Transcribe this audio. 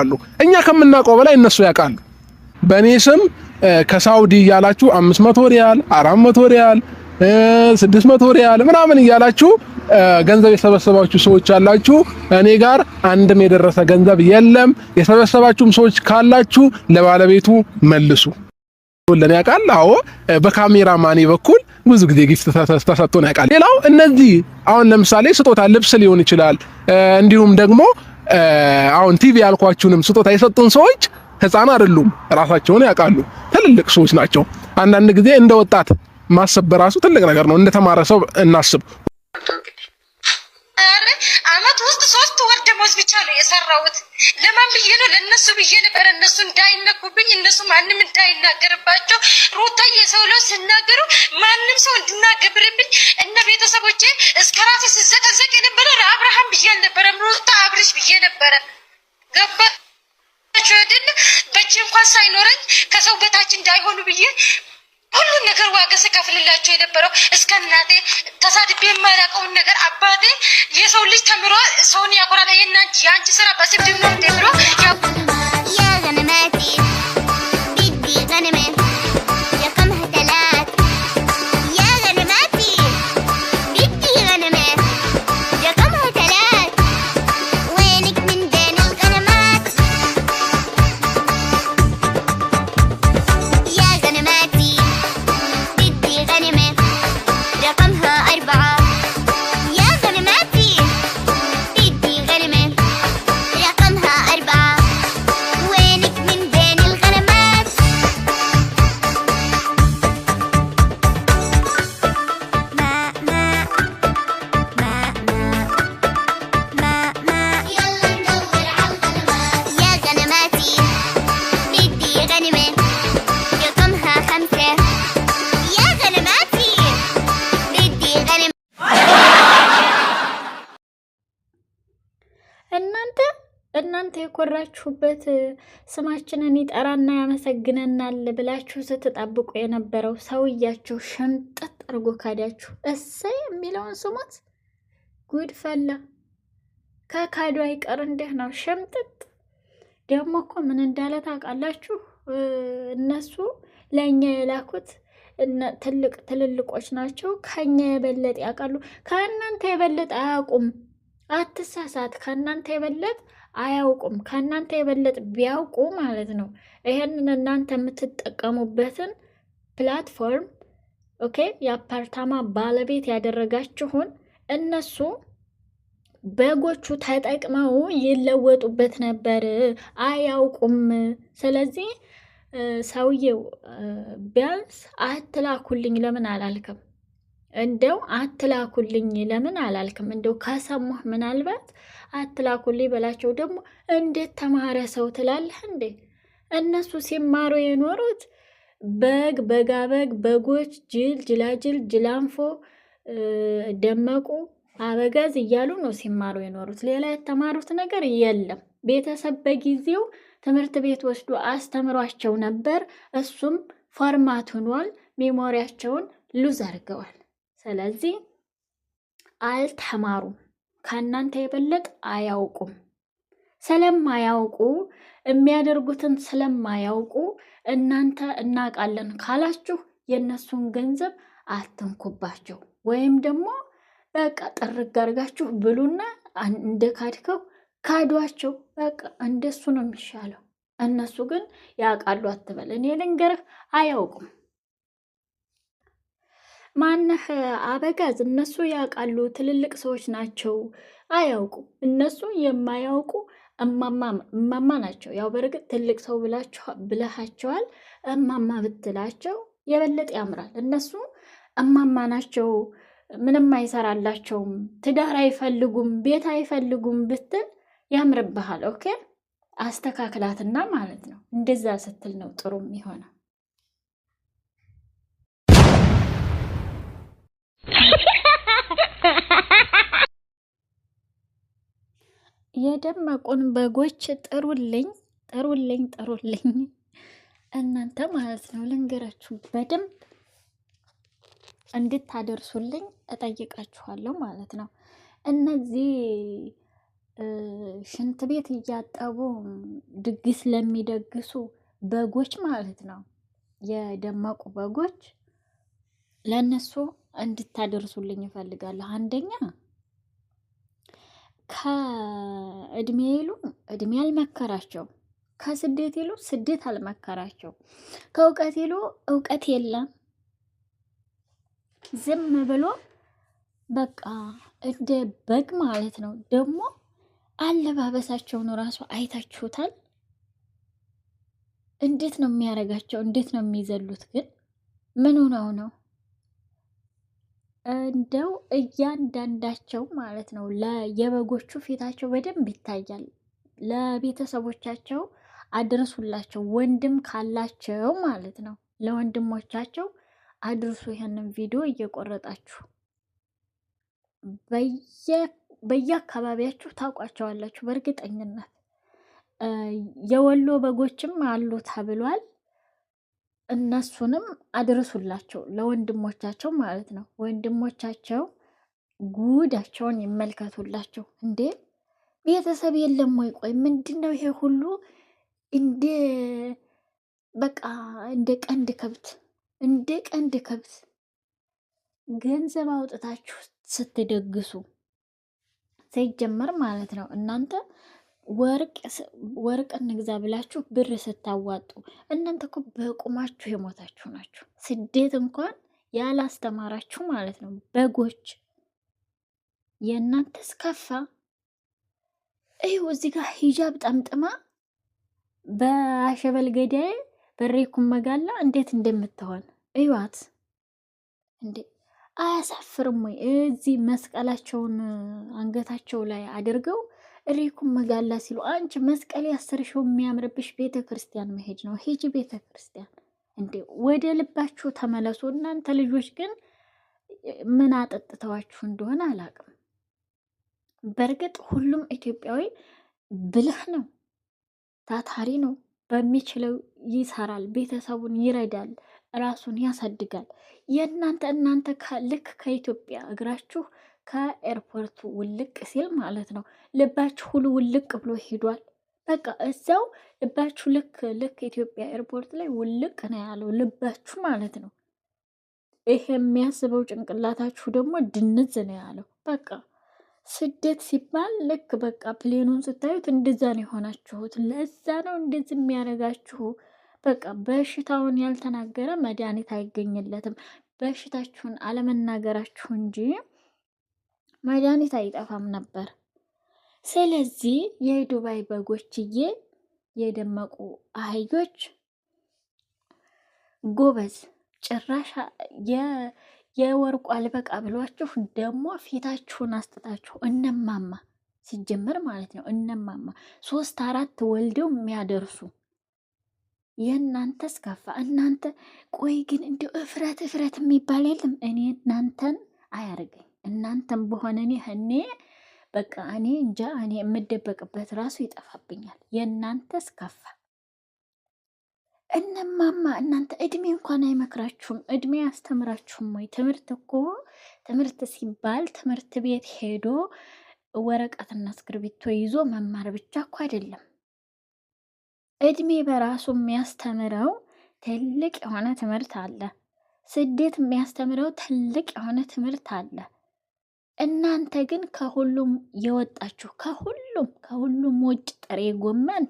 አሉ እኛ ከምናውቀው በላይ እነሱ ያውቃሉ። በእኔ ስም ከሳውዲ እያላችሁ 500 ሪያል፣ 400 ሪያል፣ 600 ሪያል ምናምን እያላችሁ ገንዘብ የሰበሰባችሁ ሰዎች አላችሁ። እኔ ጋር አንድም የደረሰ ገንዘብ የለም። የሰበሰባችሁም ሰዎች ካላችሁ ለባለቤቱ መልሱ። ለኔ ያውቃል። አዎ በካሜራ ማኔ በኩል ብዙ ጊዜ ጊፍት ተሰጥቶን ያውቃል። ሌላው እነዚህ አሁን ለምሳሌ ስጦታ ልብስ ሊሆን ይችላል እንዲሁም ደግሞ አሁን ቲቪ ያልኳችሁንም ስጦታ የሰጡን ሰዎች ህፃን አይደሉም፣ ራሳቸውን ያውቃሉ፣ ትልልቅ ሰዎች ናቸው። አንዳንድ ጊዜ እንደ ወጣት ማሰብ በራሱ ትልቅ ነገር ነው። እንደተማረ ሰው እናስብ። በአመት ውስጥ ሶስት ወር ደሞዝ ብቻ ነው የሰራሁት። ለማን ብዬ ነው? ለእነሱ ብዬ ነበር፣ እነሱ እንዳይነኩብኝ፣ እነሱ ማንም እንዳይናገርባቸው። ሩታ የሰው ለው ስናገሩ ማንም ሰው እንድናገብርብኝ እነ ቤተሰቦቼ እስከ ራሴ ስዘቀዘቅ የነበረ ለአብርሃም ብዬ አልነበረም፣ ሩታ አብርሽ ብዬ ነበረ። ገባ ድን በእጅ እንኳን ሳይኖረኝ ከሰው በታች እንዳይሆኑ ብዬ ሁሉን ነገር ዋጋ ስከፍልላቸው የነበረው እስከ እናቴ ተሳድቤ የማያውቀውን ነገር አባቴ የሰው ልጅ ተምሮ ሰውን ያኮራል። የአንቺ ስራ በስድብ ነው ብሎ ባኮራችሁበት ስማችንን ይጠራና ያመሰግነናል ብላችሁ ስትጠብቁ የነበረው ሰውያችሁ ሽምጥጥ አርጎ ካዳችሁ። እሰይ የሚለውን ስሙት። ጉድ ፈላ። ከካዱ አይቀር እንዲህ ነው ሽምጥጥ። ደግሞ እኮ ምን እንዳለ ታውቃላችሁ? እነሱ ለእኛ የላኩት ትልቅ ትልልቆች ናቸው። ከኛ የበለጥ ያውቃሉ። ከእናንተ የበለጥ አያውቁም። አትሳሳት። ከእናንተ የበለጥ አያውቁም። ከእናንተ የበለጥ ቢያውቁ ማለት ነው ይሄንን እናንተ የምትጠቀሙበትን ፕላትፎርም ኦኬ፣ የአፓርታማ ባለቤት ያደረጋችሁን እነሱ በጎቹ ተጠቅመው ይለወጡበት ነበር። አያውቁም። ስለዚህ ሰውዬው ቢያንስ አትላኩልኝ ለምን አላልክም? እንደው አትላኩልኝ ለምን አላልክም? እንደው ከሰማህ ምናልባት አትላኩልኝ በላቸው። ደግሞ እንዴት ተማረ ሰው ትላለህ እንዴ? እነሱ ሲማሩ የኖሩት በግ፣ በጋበግ፣ በጎች፣ ጅል፣ ጅላጅል፣ ጅላንፎ፣ ደመቁ፣ አበጋዝ እያሉ ነው ሲማሩ የኖሩት። ሌላ የተማሩት ነገር የለም። ቤተሰብ በጊዜው ትምህርት ቤት ወስዶ አስተምሯቸው ነበር። እሱም ፎርማት ሆኗል። ሜሞሪያቸውን ሉዝ አድርገዋል። ስለዚህ አልተማሩም፣ ከእናንተ የበለጥ አያውቁም። ስለማያውቁ የሚያደርጉትን ስለማያውቁ እናንተ እናውቃለን ካላችሁ የእነሱን ገንዘብ አትንኩባቸው። ወይም ደግሞ በቃ ጥርግ አድርጋችሁ ብሉና እንደ ካድከው ካዷቸው። በቃ እንደሱ ነው የሚሻለው። እነሱ ግን ያውቃሉ አትበል። እኔ ልንገርህ፣ አያውቁም። ማነህ አበጋዝ እነሱ ያውቃሉ ትልልቅ ሰዎች ናቸው አያውቁ እነሱ የማያውቁ እማማ ናቸው ያው በእርግጥ ትልቅ ሰው ብለሃቸዋል እማማ ብትላቸው የበለጠ ያምራል እነሱ እማማ ናቸው ምንም አይሰራላቸውም ትዳር አይፈልጉም ቤት አይፈልጉም ብትል ያምርብሃል ኦኬ አስተካክላትና ማለት ነው እንደዛ ስትል ነው ጥሩ የሚሆነው የደመቁን በጎች ጥሩልኝ፣ ጥሩልኝ፣ ጥሩልኝ እናንተ ማለት ነው። ልንገራችሁ በደንብ እንድታደርሱልኝ እጠይቃችኋለሁ ማለት ነው። እነዚህ ሽንት ቤት እያጠቡ ድግስ ለሚደግሱ በጎች ማለት ነው። የደመቁ በጎች ለእነሱ እንድታደርሱልኝ እፈልጋለሁ። አንደኛ ከእድሜ ይሉ እድሜ አልመከራቸው፣ ከስደት ይሉ ስደት አልመከራቸው፣ ከእውቀት ይሉ እውቀት የለም። ዝም ብሎ በቃ እንደ በግ ማለት ነው። ደግሞ አለባበሳቸውን ራሱ አይታችሁታል። እንዴት ነው የሚያደርጋቸው? እንዴት ነው የሚዘሉት? ግን ምን ሆነው ነው? እንደው እያንዳንዳቸው ማለት ነው የበጎቹ ፊታቸው በደንብ ይታያል። ለቤተሰቦቻቸው አድርሱላቸው፣ ወንድም ካላቸው ማለት ነው ለወንድሞቻቸው አድርሱ። ይህንን ቪዲዮ እየቆረጣችሁ በየአካባቢያችሁ ታውቋቸዋላችሁ በእርግጠኝነት የወሎ በጎችም አሉ ተብሏል። እነሱንም አድርሱላቸው ለወንድሞቻቸው ማለት ነው። ወንድሞቻቸው ጉዳቸውን ይመልከቱላቸው። እንዴ ቤተሰብ የለም ወይ? ቆይ ምንድን ነው ይሄ ሁሉ? እንደ በቃ እንደ ቀንድ ከብት እንደ ቀንድ ከብት ገንዘብ አውጥታችሁ ስትደግሱ ሲጀመር ማለት ነው እናንተ ወርቅ እንግዛ ብላችሁ ብር ስታዋጡ እናንተ እኮ በቁማችሁ የሞታችሁ ናችሁ። ስደት እንኳን ያላስተማራችሁ ማለት ነው። በጎች የእናንተ ስከፋ ይኸው እዚህ ጋር ሂጃብ ጠምጥማ በአሸበል ገዳዬ በሬኩም መጋላ እንዴት እንደምትሆን እዩዋት እንዴ! አያሳፍርም ወይ? እዚህ መስቀላቸውን አንገታቸው ላይ አድርገው ሪኩም መጋላ ሲሉ አንቺ መስቀል ያሰርሽው የሚያምርብሽ ቤተ ክርስቲያን መሄድ ነው። ሂጂ ቤተ ክርስቲያን እንዴ! ወደ ልባችሁ ተመለሱ። እናንተ ልጆች ግን ምን አጠጥተዋችሁ እንደሆነ አላቅም። በእርግጥ ሁሉም ኢትዮጵያዊ ብልህ ነው፣ ታታሪ ነው። በሚችለው ይሰራል፣ ቤተሰቡን ይረዳል፣ ራሱን ያሳድጋል። የእናንተ እናንተ ልክ ከኢትዮጵያ እግራችሁ ከኤርፖርቱ ውልቅ ሲል ማለት ነው። ልባችሁ ሁሉ ውልቅ ብሎ ሂዷል። በቃ እዛው ልባችሁ ልክ ልክ ኢትዮጵያ ኤርፖርት ላይ ውልቅ ነው ያለው ልባችሁ ማለት ነው። ይሄ የሚያስበው ጭንቅላታችሁ ደግሞ ድንዝ ነው ያለው። በቃ ስደት ሲባል ልክ በቃ ፕሌኑን ስታዩት እንደዛ ነው የሆናችሁት። ለዛ ነው እንደዚህ የሚያደርጋችሁ። በቃ በሽታውን ያልተናገረ መድኃኒት አይገኝለትም። በሽታችሁን አለመናገራችሁ እንጂ መድኃኒት አይጠፋም ነበር። ስለዚህ የዱባይ በጎችዬ የደመቁ አህዮች ጎበዝ፣ ጭራሽ የወርቁ አልበቃ ብሏችሁ ደግሞ ፊታችሁን አስጥታችሁ እነማማ ሲጀመር ማለት ነው እነማማ ሶስት አራት ወልደው የሚያደርሱ የእናንተ ስከፋ እናንተ ቆይ ግን እንዲ እፍረት እፍረት የሚባል የለም። እኔ እናንተን አያርገኝ እናንተም በሆነ እኔ እኔ በቃ እኔ እንጃ እኔ የምደበቅበት ራሱ ይጠፋብኛል። የእናንተስ ከፋ። እነማማ እናንተ እድሜ እንኳን አይመክራችሁም። እድሜ አያስተምራችሁም ወይ? ትምህርት እኮ ትምህርት ሲባል ትምህርት ቤት ሄዶ ወረቀትና እስክርቢቶ ይዞ መማር ብቻ እኮ አይደለም። እድሜ በራሱ የሚያስተምረው ትልቅ የሆነ ትምህርት አለ። ስደት የሚያስተምረው ትልቅ የሆነ ትምህርት አለ። እናንተ ግን ከሁሉም የወጣችሁ ከሁሉም ከሁሉም ውጭ ጥሬ ጎመን